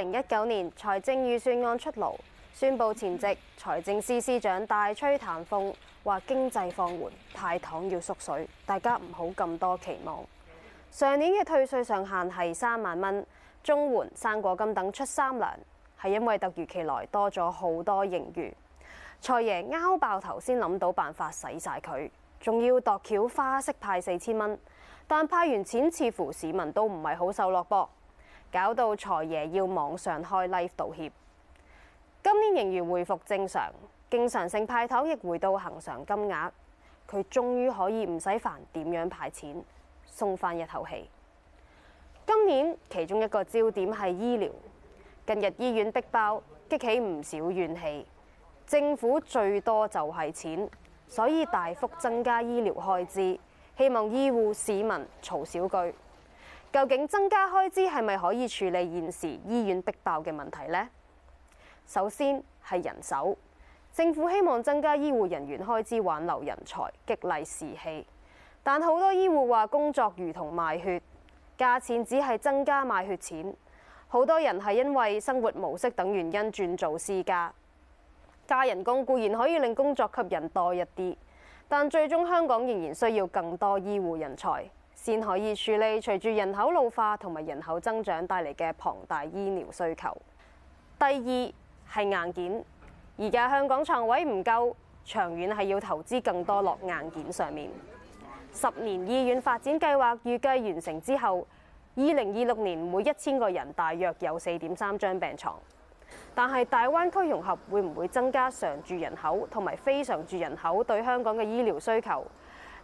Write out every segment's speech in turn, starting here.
二零一九年財政預算案出爐，宣佈前夕財政司司長大吹淡風，話：經濟放緩，派糖要縮水，大家唔好咁多期望。上年嘅退稅上限係三萬蚊，綜援、生果金等出三糧，係因為突如其來多咗好多盈餘，蔡爺拗爆頭先諗到辦法使晒佢，仲要度橋花式派四千蚊，但派完錢似乎市民都唔係好受落噃。搞到財爺要網上開 live 道歉。今年仍然回復正常，經常性派糖亦回到恒常金額，佢終於可以唔使煩點樣派錢，鬆翻一口氣。今年其中一個焦點係醫療，近日醫院逼爆，激起唔少怨氣。政府最多就係錢，所以大幅增加醫療開支，希望醫護市民嘈少句。究竟增加開支係咪可以處理現時醫院逼爆嘅問題呢？首先係人手，政府希望增加醫護人員開支，挽留人才，激勵士氣。但好多醫護話工作如同賣血，價錢只係增加賣血錢。好多人係因為生活模式等原因轉做私家加人工，固然可以令工作吸引多一啲，但最終香港仍然需要更多醫護人才。先可以處理隨住人口老化同埋人口增長帶嚟嘅龐大醫療需求。第二係硬件，而家香港床位唔夠，長遠係要投資更多落硬件上面。十年醫院發展計劃預計完成之後，二零二六年每一千個人大約有四點三張病床。但係大灣區融合會唔會增加常住人口同埋非常住人口對香港嘅醫療需求？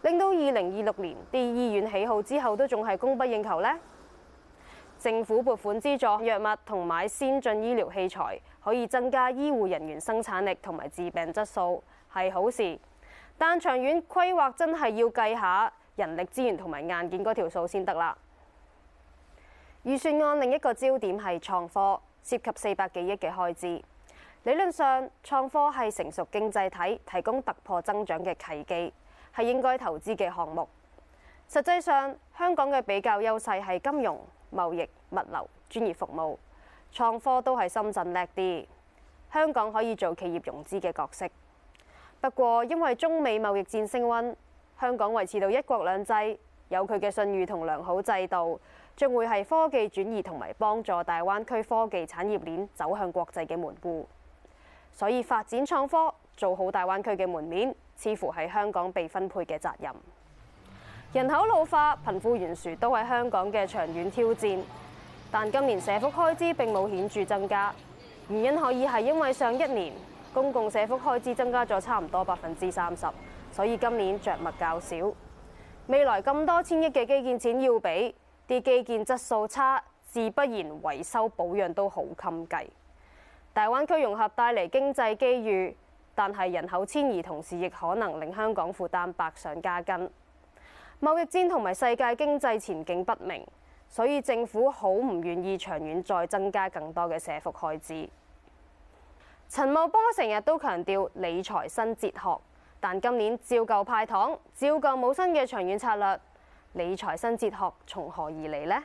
令到二零二六年啲醫院起好之後，都仲係供不應求呢？政府撥款資助藥物同買先進醫療器材，可以增加醫護人員生產力同埋治病質素，係好事。但長遠規劃真係要計下人力資源同埋硬件嗰條數先得啦。預算案另一個焦點係創科，涉及四百幾億嘅開支。理論上，創科係成熟經濟體提供突破增長嘅契機。係應該投資嘅項目。實際上，香港嘅比較優勢係金融、貿易、物流、專業服務、創科都係深圳叻啲。香港可以做企業融資嘅角色。不過，因為中美貿易戰升溫，香港維持到一國兩制，有佢嘅信譽同良好制度，將會係科技轉移同埋幫助大灣區科技產業鏈走向國際嘅門戶。所以發展創科。做好大灣區嘅門面，似乎係香港被分配嘅責任。人口老化、貧富懸殊都係香港嘅長遠挑戰。但今年社福開支並冇顯著增加，原因可以係因為上一年公共社福開支增加咗差唔多百分之三十，所以今年着墨較少。未來咁多千億嘅基建錢要俾，啲基建質素差，自不然維修保養都好襟計。大灣區融合帶嚟經濟機遇。但係人口遷移同時亦可能令香港負擔百上加斤。貿易戰同埋世界經濟前景不明，所以政府好唔願意長遠再增加更多嘅社福開支。陳茂波成日都強調理財新哲學，但今年照舊派糖，照舊冇新嘅長遠策略。理財新哲學從何而嚟呢？